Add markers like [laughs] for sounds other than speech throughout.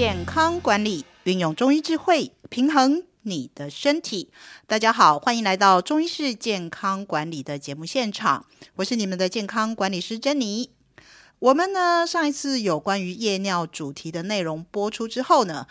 健康管理運用中醫智慧，平衡你的身體。大家好，歡迎來到中醫式健康管理的節目現場，我是你們的健康管理師珍妮。我們呢，上一次有關於夜尿主題的內容播出之後呢，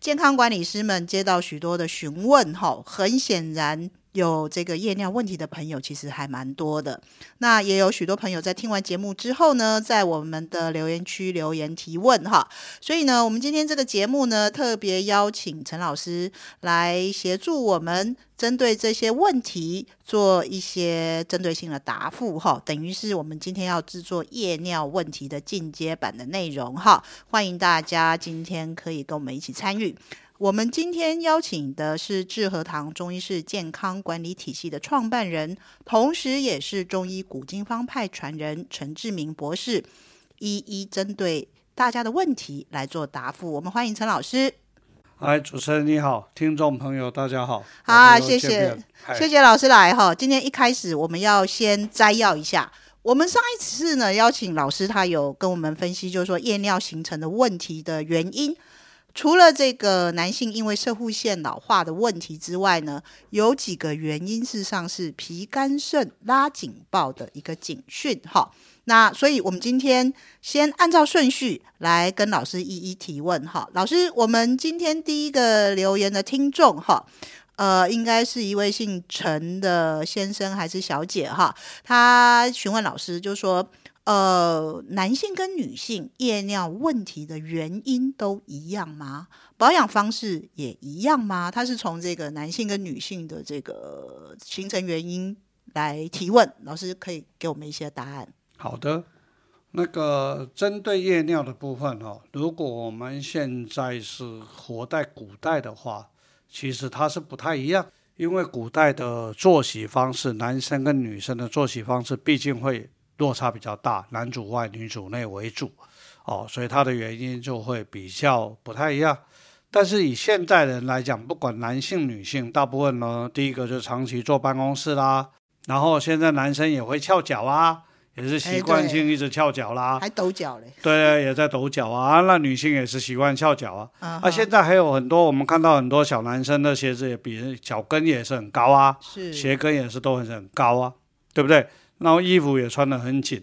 健康管理師們接到許多的詢問，哈、哦，很顯然。有這個夜尿問題的朋友，其實還蠻多的。那也有許多朋友在聽完節目之後呢，在我們的留言區留言提問哈。所以呢，我們今天這個節目呢，特別邀請陳老師來協助我們，針對這些問題做一些針對性的答覆哈。等於是我們今天要制作夜尿問題的進階版的內容哈。歡迎大家今天可以跟我們一起參與。我們今天邀請的是致和堂中醫式健康管理體系的創辦人，同時也是中醫古今方派傳人陳志銘博士，一一針對大家的問題來做答復。我們歡迎陳老師。嗨，主持人你好，聽眾朋友大家好。好啊，謝謝，Hi 謝謝老師來哈。今天一開始我們要先摘要一下，我們上一次呢邀請老師，他有跟我們分析，就是說夜尿形成的問題的原因。除了這個男性因為攝護腺老化的問題之外呢，有幾個原因，事實上是脾、肝、腎拉警報的一個警訊。哈，那所以我們今天先按照順序來跟老師一一提問。哈，老師，我們今天第一個留言的聽眾哈，呃，應該是一位姓陳的先生還是小姐？哈，他詢問老師，就說。呃，男性跟女性夜尿問題的原因都一樣嗎保養方式也一樣嗎？他是從這個男性跟女性的這個形成原因來提問，老師可以給我們一些答案。好的，那個針對夜尿的部分哈、哦，如果我們現在是活在古代的話，其實它是不太一樣，因為古代的作息方式，男生跟女生的作息方式畢竟會落差比較大，男主外女主內為主，哦，所以它的原因就會比較不太一樣。但是以現代人來講，不管男性女性，大部分呢，第一個就是長期坐辦公室啦，然後現在男生也會翹腳啊，也是習慣性一直翹腳啦、欸，對，還抖腳嘞，對，也在抖腳啊。那女性也是習慣翹腳啊，啊，啊啊現在還有很多我們看到很多小男生的鞋子也比腳跟也是很高啊，是，鞋跟也是都很很高啊，對不對？然後衣服也穿得很緊，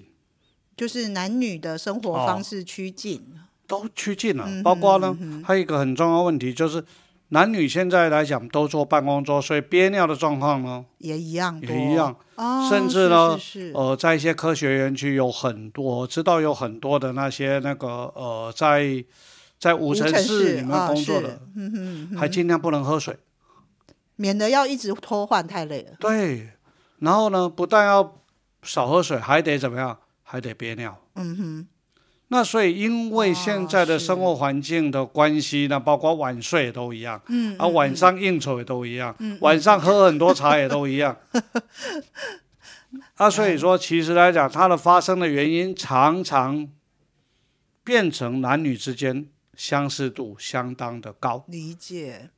就是男女的生活方式趨近，哦、都趨近了。嗯哼嗯哼包括呢，嗯哼嗯哼還有一個很重要問題，就是男女現在來講都坐辦公桌，所以憋尿的狀況呢也一,也一樣，也一樣。甚至呢，哦、是是是呃，在一些科學園區有很多，我知道有很多的那些那個呃，在在無塵室裡面工作的，哦、嗯哼嗯哼還盡量不能喝水，免得要一直拖換太累了。對，然後呢，不但要少喝水，還得怎麼樣？還得憋尿。嗯哼，那所以因為現在的生活環境的關係呢，包括晚睡也都一樣。嗯，嗯，嗯，啊，晚上應酬也都一樣。嗯，嗯，晚上喝很多茶也都一樣。嗯嗯 [laughs] 啊，所以說其實來講，哎、它的發生的原因常常變成男女之間相似度相當的高。理解。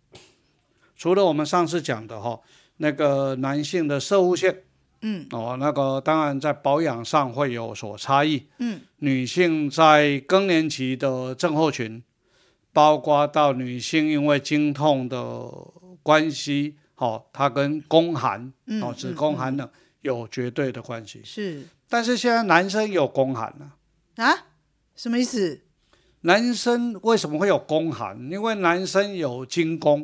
除了我們上次講的哈、哦，那個男性的攝護腺。嗯哦，那個當然在保養上會有所差異。嗯，女性在更年期的症候群，包括到女性因為經痛的關係，哦，她跟宮寒，嗯、哦，子宮寒冷、嗯嗯、有絕對的關係。是，但是現在男生有宮寒呢、啊？啊？什麼意思？男生為什麼會有宮寒？因為男生有精宮，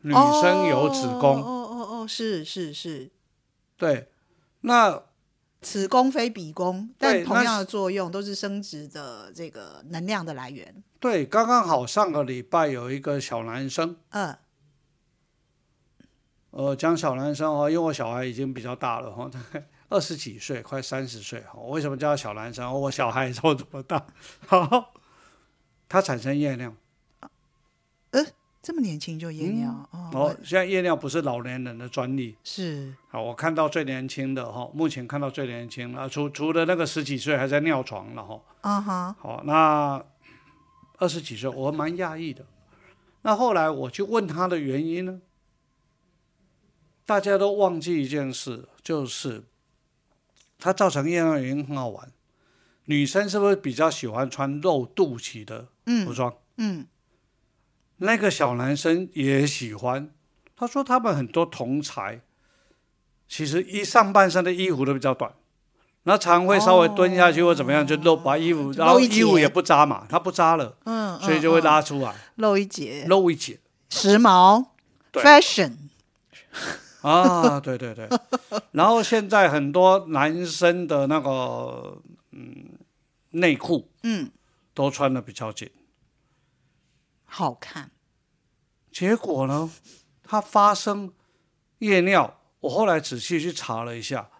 女生有子宮。哦哦哦，是是對是，是是對。那此功非彼功，對但同樣的作用都是生殖的這個能量的來源。對，剛剛好上個禮拜有一個小男生，嗯，呃，講小男生哦，因為我小孩已經比較大了哈，大概二十幾歲，快三十歲哈。我為什麼叫他小男生？我小孩也這麼大。好，他產生厭量，嗯這麼年輕就夜尿、嗯、哦！現在夜尿不是老年人的專利。是，好，我看到最年輕的哈、哦，目前看到最年輕的，除除了那個十幾歲還在尿床了哈。啊、哦、哈，uh huh. 好，那二十幾歲，我蠻訝異的。Okay. 那後來我去問他的原因呢？大家都忘記一件事，就是他造成夜尿原因很好玩。女生是不是比較喜歡穿露肚臍的服裝、嗯？嗯。那個小男生也喜歡，他說他們很多同儕，其實一上半身的衣服都比較短，那常會稍微蹲下去或怎麼樣、哦、就露，把衣服，然後衣服也不扎嘛，他不扎了，嗯，所以就會拉出來，露一截，露一截，一節時髦對，fashion，啊，對對對， [laughs] 然後現在很多男生的那個，嗯，內褲，嗯，都穿的比較緊，好看。結果呢，它發生夜尿。我後來仔細去查了一下，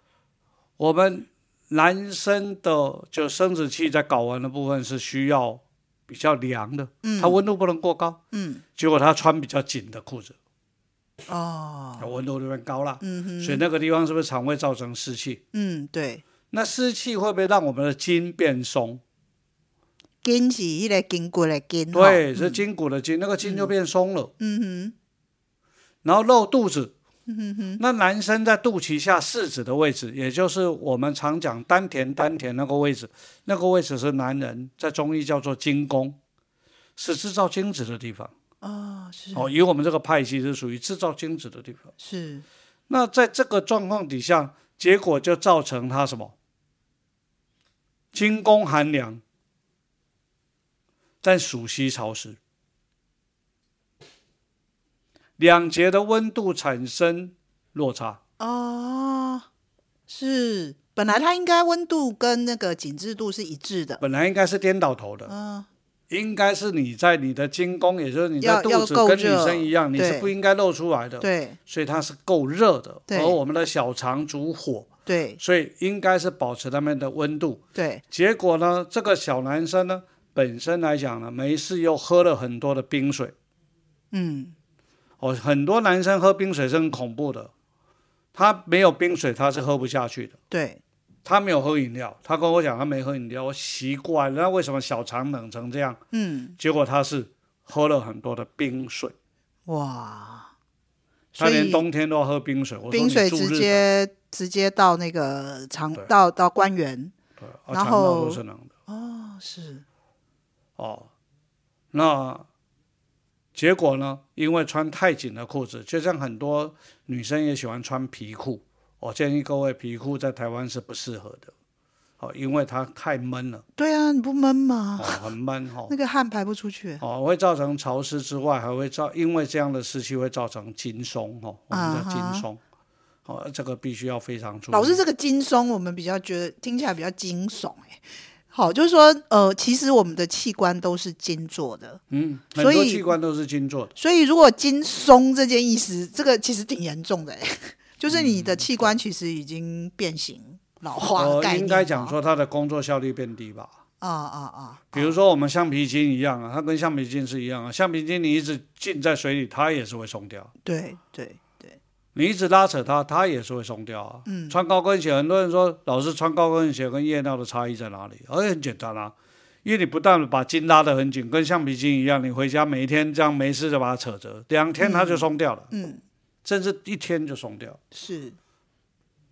我們男生的就生殖器在睾丸的部分是需要比較涼的，它、嗯、溫度不能過高。嗯，結果他穿比較緊的褲子，哦，溫度就變高了。嗯哼，所以那個地方是不是常會造成濕氣？嗯，對。那濕氣會不會讓我們的筋變鬆？筋是一個筋骨的筋，對，嗯、是筋骨的筋，那個筋就變鬆了，嗯。嗯哼，然後露肚子。嗯哼，那男生在肚臍下四指的位置，也就是我們常講丹田，丹田那個位置，嗯、那個位置是男人在中醫叫做精宮，是製造精子的地方。啊、哦，是。哦，以我們這個派系是屬於製造精子的地方。是。那在這個狀況底下，結果就造成他什麼？精宮寒涼。但暑濕潮濕，兩節的溫度產生落差。哦、呃，是，本來它應該溫度跟那個緊緻度是一致的，本來應該是顛倒頭的。嗯、呃，應該是你在你的精宮，也就是你的肚子跟女生一樣，你是不應該露出來的。對，所以它是夠熱的，對而我們的小腸主火，對，所以應該是保持他們的溫度。對，結果呢，這個小男生呢？本身來講呢，沒事又喝了很多的冰水，嗯，哦，很多男生喝冰水是很恐怖的，他沒有冰水他是喝不下去的。嗯、對，他沒有喝飲料，他跟我講他沒喝飲料，我習慣。那為什麼小腸冷成這樣？嗯，結果他是喝了很多的冰水，哇，他連冬天都要喝冰水。冰水直接直接到那個腸對到到關元，對，然後都是冷的。哦，是。哦，那結果呢？因為穿太緊的褲子，就像很多女生也喜歡穿皮褲。我建議各位，皮褲在台灣是不適合的，哦、因為它太悶了。對啊，你不悶嗎？哦、很悶哈。哦、那個汗排不出去，哦，會造成潮濕之外，還會造因為這樣的濕氣會造成筋鬆，哈、哦，我們叫筋鬆，啊、哈哦，這個必須要非常注意。老師這個筋鬆，我們比較覺得聽起來比較驚悚、欸，哎。好，就是說，呃，其實我們的器官都是筋做的，嗯，所以器官都是筋做的所，所以如果筋鬆這件意思，這個其實挺嚴重的，嗯、就是你的器官其實已經變形、老化。我、呃、應該講說，它的工作效率變低吧？啊啊啊！啊啊比如說，我們橡皮筋一樣啊，它跟橡皮筋是一樣啊，橡皮筋你一直浸在水裡，它也是會鬆掉。對對。對你一直拉扯它，它也是會鬆掉啊。嗯，穿高跟鞋，很多人說老師穿高跟鞋跟夜尿的差異在哪裡？而且、哎、很簡單啊，因為你不但把筋拉得很緊，跟橡皮筋一樣，你回家每一天這樣沒事就把它扯着，兩天它就鬆掉了。嗯，甚至、嗯、一天就鬆掉。是，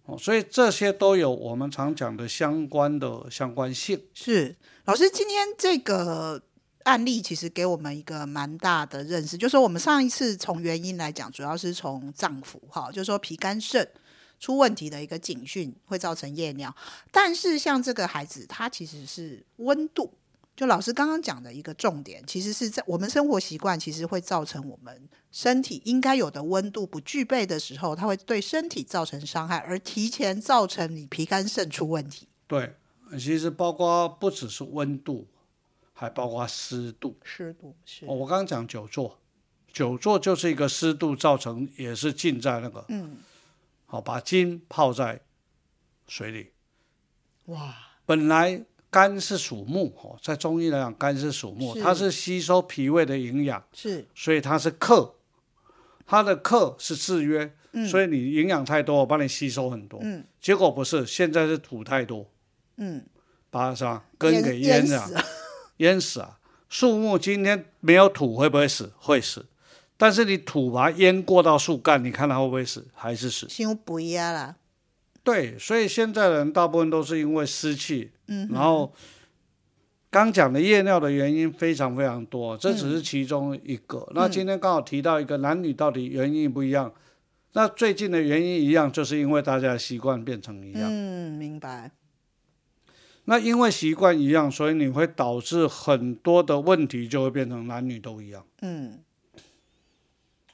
哦，所以這些都有我們常講的相關的相關性。是，老師今天這個。案例其實給我們一個蠻大的認識，就是說我們上一次從原因來講，主要是從臟腑哈，就是說脾、肝、腎出問題的一個警訊會造成夜尿。但是像這個孩子，他其實是溫度，就老師剛剛講的一個重點，其實是在我們生活習慣，其實會造成我們身體應該有的溫度不具備的時候，它會對身體造成傷害，而提前造成你脾、肝、腎出問題。對，其實包括不只是溫度。還包括濕度，濕度是。哦、我剛剛講久坐，久坐就是一個濕度造成，也是浸在那個，好、嗯哦，把筋泡在水裡，哇！本來肝是屬木，哦、在中醫來講，肝是屬木，是它是吸收脾胃的營養，是，所以它是克，它的克是制約，嗯、所以你營養太多，我幫你吸收很多，嗯、結果不是，現在是土太多，嗯，把什麼根給淹，淹死了。淹死啊！樹木今天沒有土會不會死？會死。但是你土把它淹過到樹幹，你看它會不會死？還是死？心不一樣了。對，所以現在人大部分都是因為濕氣，嗯哼，然後剛講的夜尿的原因非常非常多，這只是其中一個。嗯、那今天剛好提到一個男女到底原因不一樣，嗯、那最近的原因一樣，就是因為大家的習慣變成一樣。嗯，明白。那因為習慣一樣，所以你會導致很多的問題就會變成男女都一樣，嗯，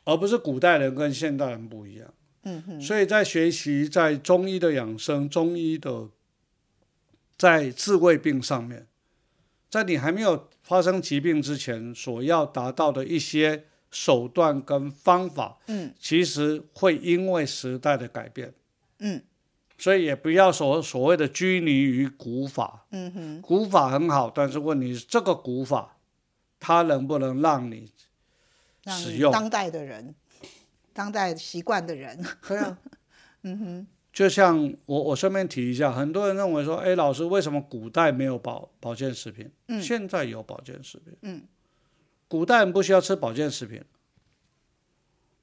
而不是古代人跟現代人不一樣，嗯哼。所以在學習在中醫的養生、中醫的在治未病上面，在你還沒有發生疾病之前，所要達到的一些手段跟方法，嗯，其實會因為時代的改變，嗯。嗯所以也不要所所謂的拘泥於古法，古法很好，但是問題是這個古法，它能不能讓你使用你當代的人，當代習慣的人？ [laughs] [laughs] 嗯、哼就像我我順便提一下，很多人認為說，哎、欸，老師為什麼古代沒有保保健食品？嗯、現在有保健食品，嗯、古代人不需要吃保健食品。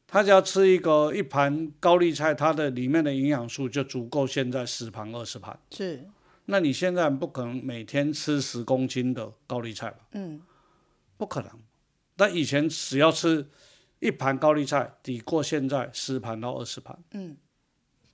他只要吃一個一盤高麗菜，它的裡面的營養素就足夠現在十盤二十盤。是。那你現在不可能每天吃十公斤的高麗菜吧？嗯，不可能。但以前只要吃一盤高麗菜，抵過現在十盤到二十盤。嗯，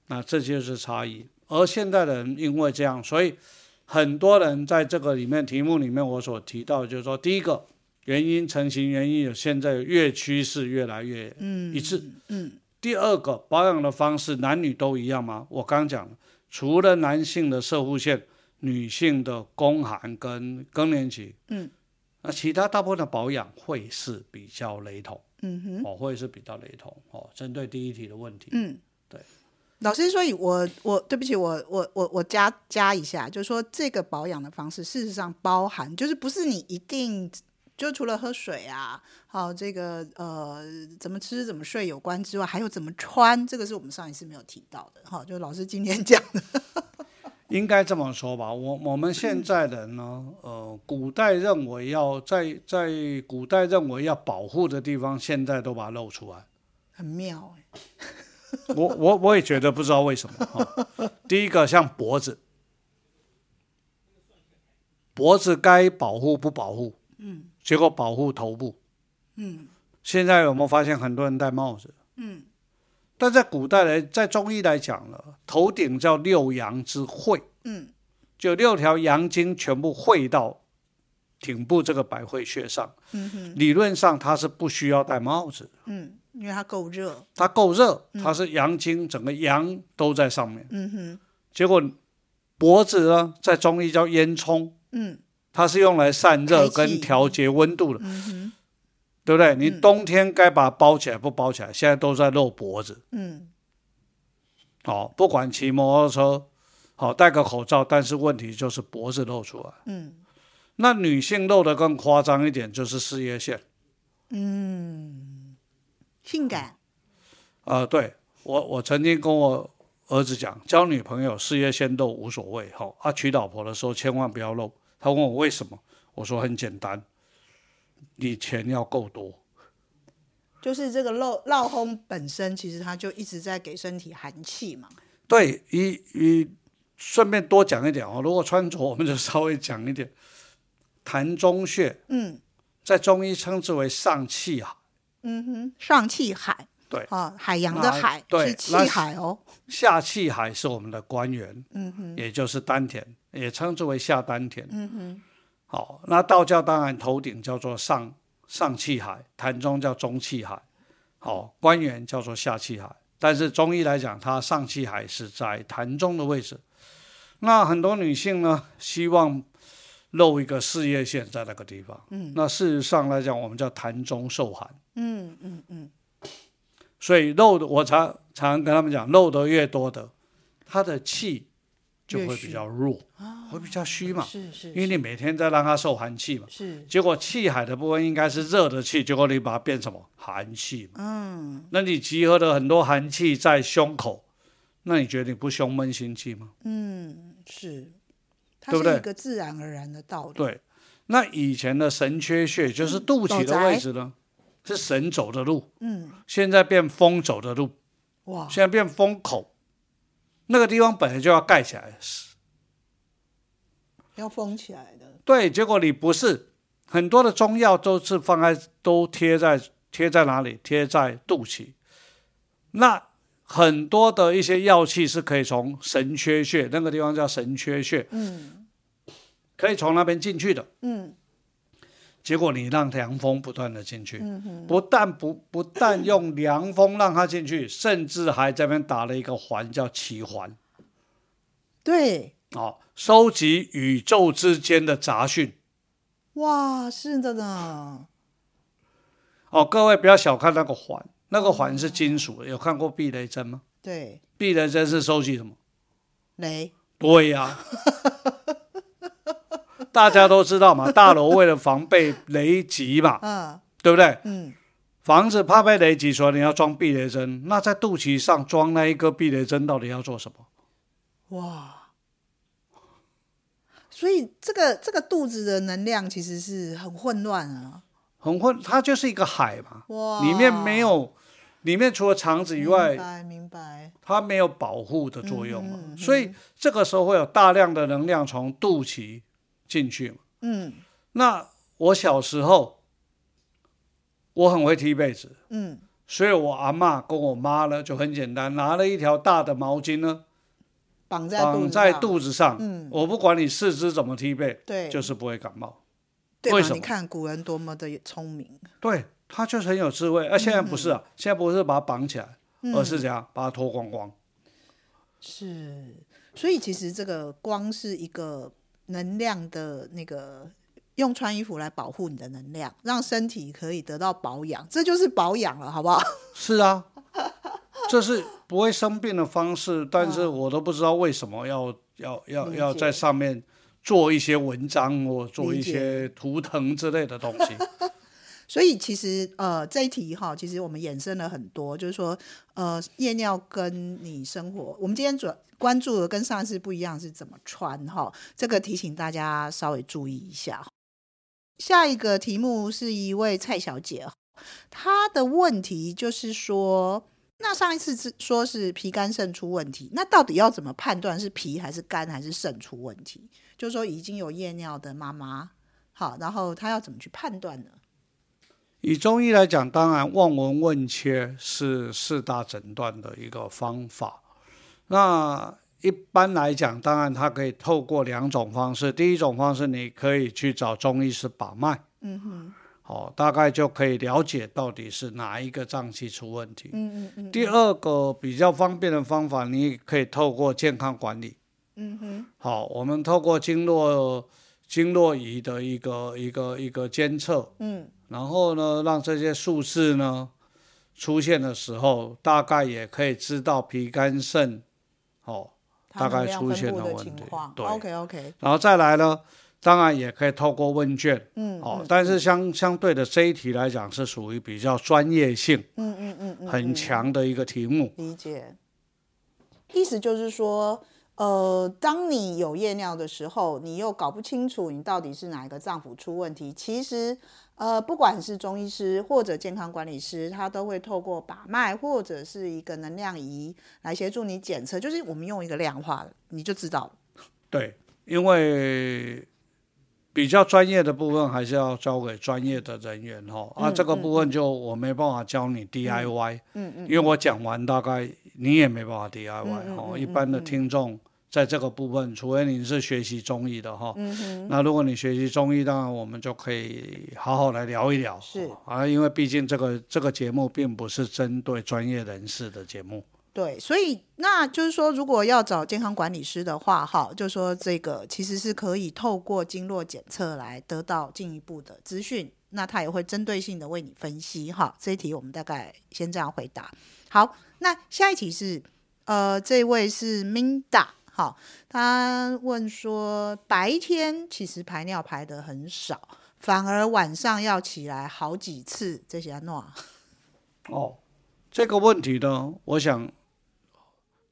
那這就是差異。而現在的人因為這樣，所以很多人在這個裡面題目裡面我所提到，就是說第一個。原因成型，原因有現在越趨勢越來越一致。嗯，嗯，第二個保養的方式，男女都一樣嗎？我剛講了，除了男性的攝護腺，女性的宮寒跟更年期。嗯，那其他大部分的保養會是比較雷同。嗯哼，我、哦、會是比較雷同。哦，針對第一題的問題。嗯，對。老師，所以我我對不起我我我我加加一下，就是說，這個保養的方式，事實上包含就是不是你一定。就除了喝水啊，好、哦、這個呃，怎麼吃怎麼睡有關之外，還有怎麼穿，這個是我們上一次沒有提到的哈、哦。就老師今天講的， [laughs] 應該這麼說吧。我我們現在人呢，嗯、呃，古代認為要在在古代認為要保護的地方，現在都把它露出來，很妙、欸、 [laughs] 我我我也覺得不知道為什麼哈。哦、 [laughs] 第一個像脖子，脖子該保護不保護？嗯。結果保護頭部，嗯、現在我們發現很多人戴帽子？嗯、但在古代來，在中醫來講頭頂叫六陽之會，嗯、就六條陽經全部匯到頂部這個百會穴上，嗯、哼理論上它是不需要戴帽子的，嗯，因為它夠熱，它夠熱，它是陽經，嗯、整個陽都在上面，嗯、哼結果脖子呢，在中醫叫煙囪，嗯它是用來散熱跟調節溫度的，嗯、對不對？你冬天該把它包起來，不包起來，嗯、現在都在露脖子。嗯、哦，好，不管騎摩托車，好，戴個口罩，但是問題就是脖子露出來。嗯，那女性露得更誇張一點，就是事業線。嗯，性感。啊、呃，對，我，我曾經跟我兒子講，交女朋友事業線都無所謂，好、哦，啊，娶老婆的時候千萬不要露。他問我為什麼？我說很簡單，你錢要夠多。就是這個漏漏風本身，其實它就一直在給身體寒氣嘛。對，一一順便多講一點哦。如果穿着，我們就稍微講一點。膻中穴，嗯，在中醫稱之為上氣海。嗯哼，上氣海。對啊，哦，海洋的海，對，是氣海哦。下氣海是我們的關元，嗯哼，也就是丹田。也稱之為下丹田。嗯哼，好，那道教當然頭頂叫做上上氣海，膻中叫中氣海，好，關元叫做下氣海。但是中醫來講，它上氣海是在膻中的位置。那很多女性呢，希望露一個事業線在那個地方。嗯，那事實上來講，我們叫膻中受寒。嗯嗯嗯，嗯嗯所以露的我常常跟他們講，露得越多的，他的氣。就會比較弱，哦、會比較虛嘛？是是是，因為你每天在讓它受寒氣嘛，是是，結果氣海的部分應該是熱的氣，結果你把它變什麼？寒氣嘛。嗯。那你集合了很多寒氣在胸口，那你覺得你不胸悶心悸嗎？嗯，是。它是一個自然而然的道理。對，對，對。那以前的神闕穴就是肚臍的位置呢，嗯嗯、是神走的路。嗯。現在變風走的路。哇。現在變風口。那個地方本來就要蓋起來的，要封起來的。對，結果你不是很多的中藥都是放在，都貼在貼在哪裡？貼在肚臍。那很多的一些藥氣是可以從神闕穴，那個地方叫神闕穴，嗯，可以從那邊進去的，嗯。結果你讓涼風不斷的進去，不但不不但用涼風讓它進去，甚至還在這邊打了一個環叫臍環，對，哦，收集宇宙之間的雜訊。哇，是真的呢。哦，各位不要小看那個環，那個環是金屬的。有看過避雷針嗎？對，避雷針是收集什麼？雷。對呀、啊。 [laughs] [laughs] 大家都知道嘛，大樓為了防備雷擊嘛，嗯、對不對？嗯、房子怕被雷擊，所以你要裝避雷針。那在肚臍上裝那一個避雷針，到底要做什麼？哇！所以這個這個肚子的能量其實是很混亂啊，很混，它就是一個海嘛，哇裡面沒有，裡面除了腸子以外，明白，它沒有保護的作用嘛，嗯、哼哼所以這個時候會有大量的能量從肚臍。進去嘛嗯，那我小時候我很會踢被子，嗯，所以我阿嬤跟我媽呢就很簡單，拿了一條大的毛巾呢，綁在肚子上，子上嗯，我不管你四肢怎麼踢被，對，就是不會感冒。對嗎？為什麼？你看古人多麼的聰明，對他就是很有智慧。啊，現在不是啊，現在不是把它綁起來，嗯、而是怎樣把它脫光光、嗯？是，所以其實這個光是一個。能量的那個用穿衣服來保護你的能量，讓身體可以得到保養，這就是保養了，好不好？是啊，這是不會生病的方式。但是我都不知道為什麼要要要理解，要在上面做一些文章，或做一些圖騰之類的東西。所以其實呃這一題哈，其實我們衍生了很多，就是說呃夜尿跟你生活，我們今天主要關注的跟上一次不一樣，是怎麼穿哈，這個提醒大家稍微注意一下。下一個題目是一位蔡小姐，她的問題就是說，那上一次說是脾、肝、腎出問題，那到底要怎麼判斷是脾還是肝還是腎出問題？就是說已經有夜尿的媽媽，好，然後她要怎麼去判斷呢？以中醫來講，當然望聞問切是四大診斷的一個方法。那一般來講，當然它可以透過兩種方式。第一種方式，你可以去找中醫師把脈，嗯哼，好，大概就可以了解到底是哪一個臟器出問題。嗯，嗯，嗯。第二個比較方便的方法，你可以透過健康管理，嗯哼，好，我們透過經絡經絡儀的一個一個一個監測，嗯。然後呢，讓這些數字呢出現的時候，大概也可以知道脾、肝、腎，哦，大概出現的問題。對，OK OK。然後再來呢，當然也可以透過問卷，嗯,嗯,嗯，哦，但是相相對的這一題來講是屬於比較專業性，嗯嗯,嗯嗯嗯嗯，很強的一個題目。理解，意思就是說，呃，當你有夜尿的時候，你又搞不清楚你到底是哪一個臟腑出問題，其實。呃，不管是中醫師或者健康管理師，他都會透過把脈或者是一個能量儀來協助你檢測，就是我們用一個量化，你就知道對，因為比較專業的部分還是要交給專業的人員哈，啊，嗯、這個部分就我沒辦法教你 DIY，嗯嗯，嗯嗯因為我講完大概你也沒辦法 DIY 哈、嗯，嗯嗯嗯、一般的聽眾。在這個部分，除非你是學習中醫的哈，嗯哼，那如果你學習中醫，當然我們就可以好好來聊一聊。是啊，因為畢竟這個這個節目並不是針對專業人士的節目。對，所以那就是說，如果要找健康管理師的話，哈，就說這個其實是可以透過經絡檢測來得到進一步的資訊，那他也會針對性的為你分析哈。這一題我們大概先這樣回答。好，那下一題是，呃，這位是 Minda。.好，他問說，白天其實排尿排的很少，反而晚上要起來好幾次，這些啊。哦，這個問題呢，我想，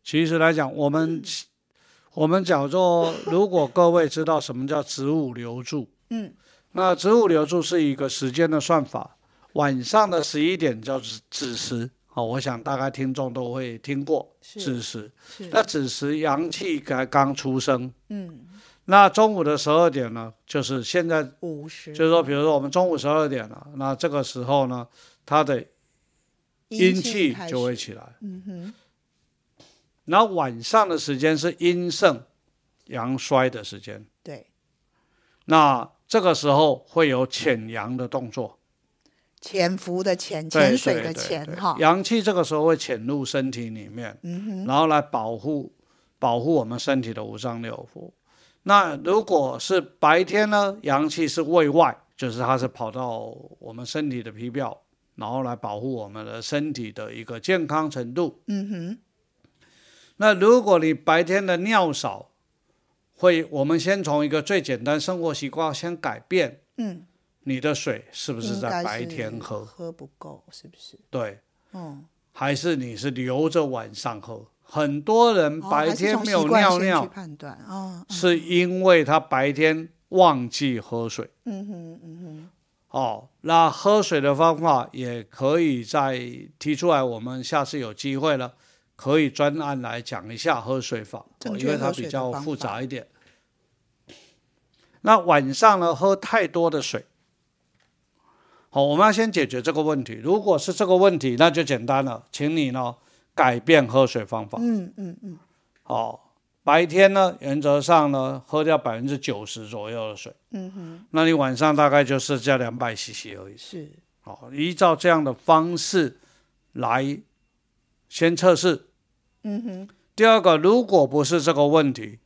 其實來講，我們我們叫做，如果各位知道什麼叫子午流注，嗯， [laughs] 那子午流注是一個時間的算法，晚上的十一點叫子，子時。我想大概聽眾都會聽過子時是，是那子時陽氣才剛出生。嗯，那中午的十二點呢，就是現在，就是說，比如說我們中午十二點了，啊，那這個時候呢，它的陰氣就會起來。嗯哼。那晚上的時間是陰盛陽衰的時間。對。那這個時候會有潛陽的動作。潛伏的潛，潛水的潛，哈。陽氣這個時候會潛入身體裡面，嗯哼。然後來保護，保護我們身體的五臟六腑。那如果是白天呢？陽氣是衛外，就是它是跑到我們身體的皮表，然後來保護我們的身體的一個健康程度，嗯哼。那如果你白天的尿少，會我們先從一個最簡單生活習慣先改變，嗯你的水是不是在白天喝？喝不夠是不是？對，嗯，還是你是留着晚上喝？很多人白天沒有尿尿，是因為他白天忘記喝水。嗯哼嗯哼。嗯哼哦，那喝水的方法也可以再提出來，我們下次有機會了，可以專案來講一下喝水法，水法哦，因為它比較複雜一點。那晚上呢，喝太多的水。好、哦，我們要先解決這個問題。如果是這個問題，那就簡單了，請你呢改變喝水方法。嗯嗯嗯。好、嗯嗯哦，白天呢，原則上呢，喝掉百分之九十左右的水。嗯哼。那你晚上大概就是加兩百 CC 而已。是。好、哦，依照這樣的方式來先測試。嗯哼。第二個，如果不是這個問題，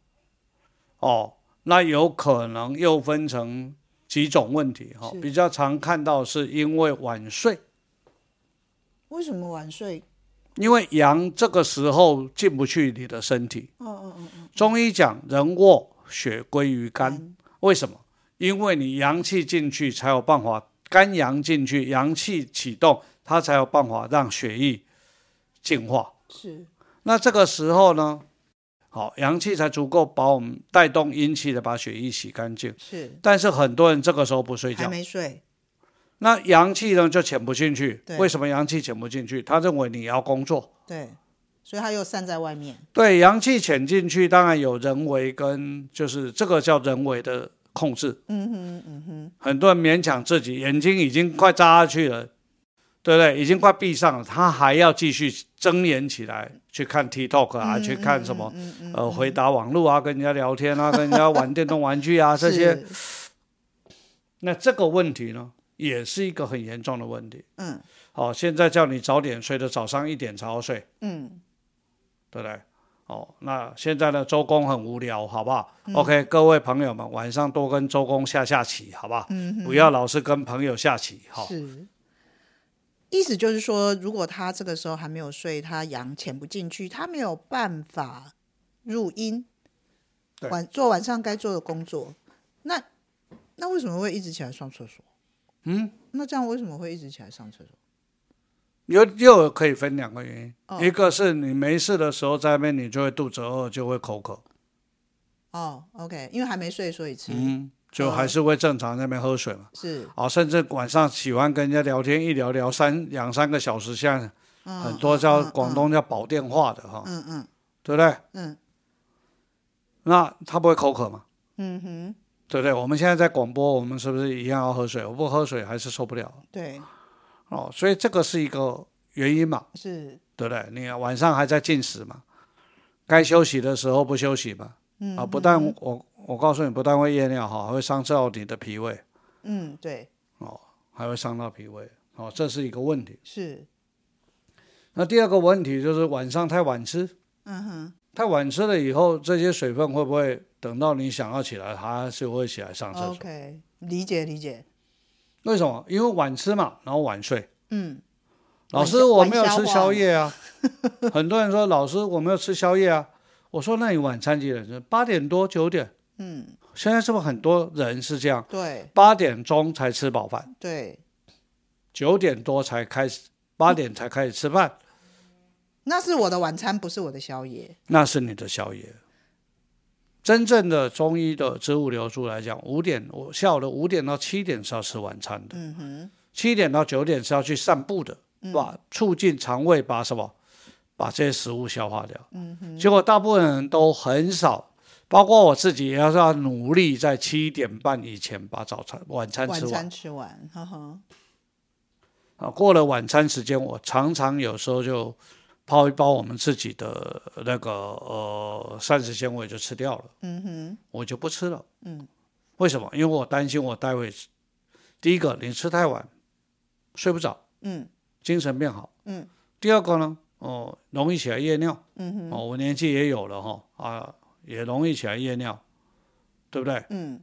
哦，那有可能又分成。幾種問題哈，是比較常看到是因為晚睡。為什麼晚睡？因為陽這個時候進不去你的身體。哦嗯嗯、中醫講人臥血歸於肝，嗯、為什麼？因為你陽氣進去才有辦法，肝陽進去，陽氣啟動，它才有辦法讓血液淨化。嗯。是。那這個時候呢？好，陽氣才足夠把我們帶動陰氣的，把血液洗乾淨。是，但是很多人這個時候不睡覺，沒睡，那陽氣呢就潛不進去。對為什麼陽氣潛不進去？他認為你要工作。對，所以他又散在外面。對，陽氣潛進去，當然有人為跟就是這個叫人為的控制。嗯哼嗯哼，嗯哼，很多人勉強自己，眼睛已經快眨下去了，嗯、對不對？已經快閉上了，他還要繼續。睜眼起來，去看 TikTok 啊，嗯、去看什麼？嗯嗯嗯、呃，回答網路啊，跟人家聊天啊， [laughs] 跟人家玩電動玩具啊，這些。是那這個問題呢，也是一個很嚴重的問題。嗯。好、哦，現在叫你早點睡的，早上一點才睡。嗯。對不對？哦，那現在呢，周公很無聊，好不好、嗯、？OK，各位朋友們，晚上多跟周公下下棋，好吧？好？嗯、哼不要老是跟朋友下棋，哈、哦。意思就是說，如果他這個時候還沒有睡，他陽潛不進去，他沒有辦法入陰，晚對做晚上該做的工作。那那為什麼會一直起來上廁所？嗯，那這樣為什麼會一直起來上廁所？又又可以分兩個原因，哦、一個是你沒事的時候在那邊，你就會肚子餓，就會口渴。哦，OK，因為還沒睡，所以吃。嗯就還是會正常在那邊喝水嘛，嗯、是啊，甚至晚上喜歡跟人家聊天，一聊一聊三兩三個小時，像很多叫、嗯嗯嗯、廣東叫煲電話的哈、嗯，嗯嗯，對不對？嗯，那他不會口渴嘛？嗯哼，對不對？我們現在在廣播，我們是不是一樣要喝水？我不喝水還是受不了。對，哦，所以這個是一個原因嘛？是，對不對？你晚上還在進食嘛？該休息的時候不休息嘛？.嗯啊，不但我、嗯嗯、我，我告訴你，不但會夜尿哈，還會傷到你的脾胃。嗯，對。哦，還會傷到脾胃，哦，這是一個問題。是。那第二個問題就是晚上太晚吃。嗯哼。太晚吃了以後，這些水分會不會等到你想要起來，它就會起來上廁所？哦，OK，理解理解。理解。為什麼？因為晚吃嘛，然後晚睡。嗯。老師，我沒有吃宵夜啊。 [laughs] 很多人說：“老師，我沒有吃宵夜啊。”我說：“那你晚餐幾點吃？八點多九點？嗯，現在是不是很多人是這樣？對，八點鐘才吃飽飯。對，九點多才開始，八點才開始吃飯、嗯。那是我的晚餐，不是我的宵夜。那是你的宵夜。嗯、真正的中醫的子午流注來講，五點，我下午的五點到七點是要吃晚餐的。嗯哼，七點到九點是要去散步的，是吧、嗯？促進腸胃，把什麼？”把這些食物消化掉，嗯哼，結果大部分人都很少，包括我自己，也要要努力在七點半以前把早餐、晚餐吃完。晚餐吃完，哈哈。啊，過了晚餐時間，我常常有時候就泡一包我們自己的那個呃膳食纖維就吃掉了，嗯哼，我就不吃了，嗯，為什麼？因為我擔心我待會第一個，你吃太晚睡不着，嗯，精神變好，嗯，第二個呢？哦，容易起來夜尿，嗯哼，哦，我年紀也有了哈，哦，啊，也容易起來夜尿，對不對？嗯，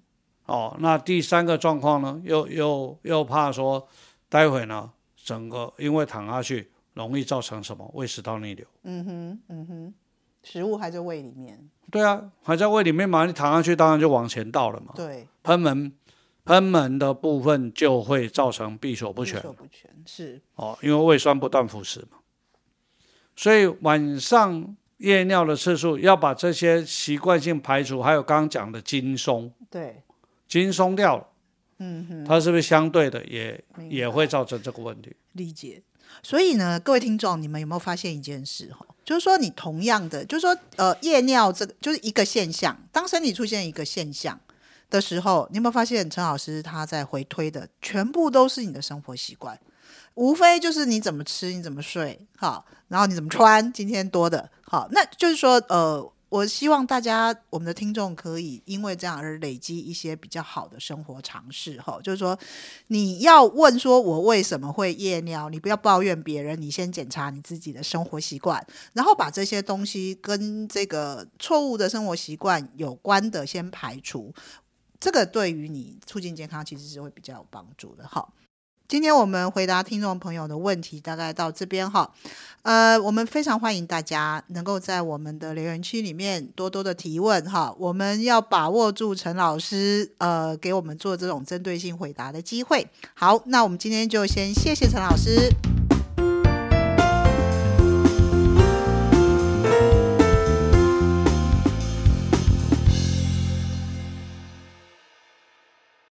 哦，那第三個狀況呢，又又又怕說，待會呢，整個因為躺下去，容易造成什麼胃食道逆流？嗯哼，嗯哼，食物還在胃裡面。對啊，還在胃裡面嘛，你躺下去當然就往前倒了嘛。對，賁門賁門的部分就會造成閉鎖不全。閉鎖不全。是。哦，因為胃酸不斷腐蝕嘛。所以晚上夜尿的次數要把這些習慣性排除，還有剛剛講的精鬆，對，精鬆掉了，嗯哼，它是不是相對的也明白，也會造成這個問題？理解。所以呢，各位聽眾，你們有沒有發現一件事哈？就是說你同樣的，就是說呃夜尿這個就是一個現象，當身體出現一個現象的時候，你有沒有發現陳老師他在回推的全部都是你的生活習慣？無非就是你怎麼吃，你怎麼睡，好，然後你怎麼穿，今天多的，好，那就是說，呃，我希望大家我們的聽眾可以因為這樣而累積一些比較好的生活常識，哈，就是說，你要問說我為什麼會夜尿，你不要抱怨別人，你先檢查你自己的生活習慣，然後把這些東西跟這個錯誤的生活習慣有關的先排除，這個對於你促進健康其實是會比較有幫助的，好。今天我們回答聽眾朋友的問題，大概到這邊哈。呃，我們非常歡迎大家能夠在我們的留言區裡面多多的提問哈。我們要把握住陳老師，呃，給我們做這種針對性回答的機會。好，那我們今天就先謝謝陳老師。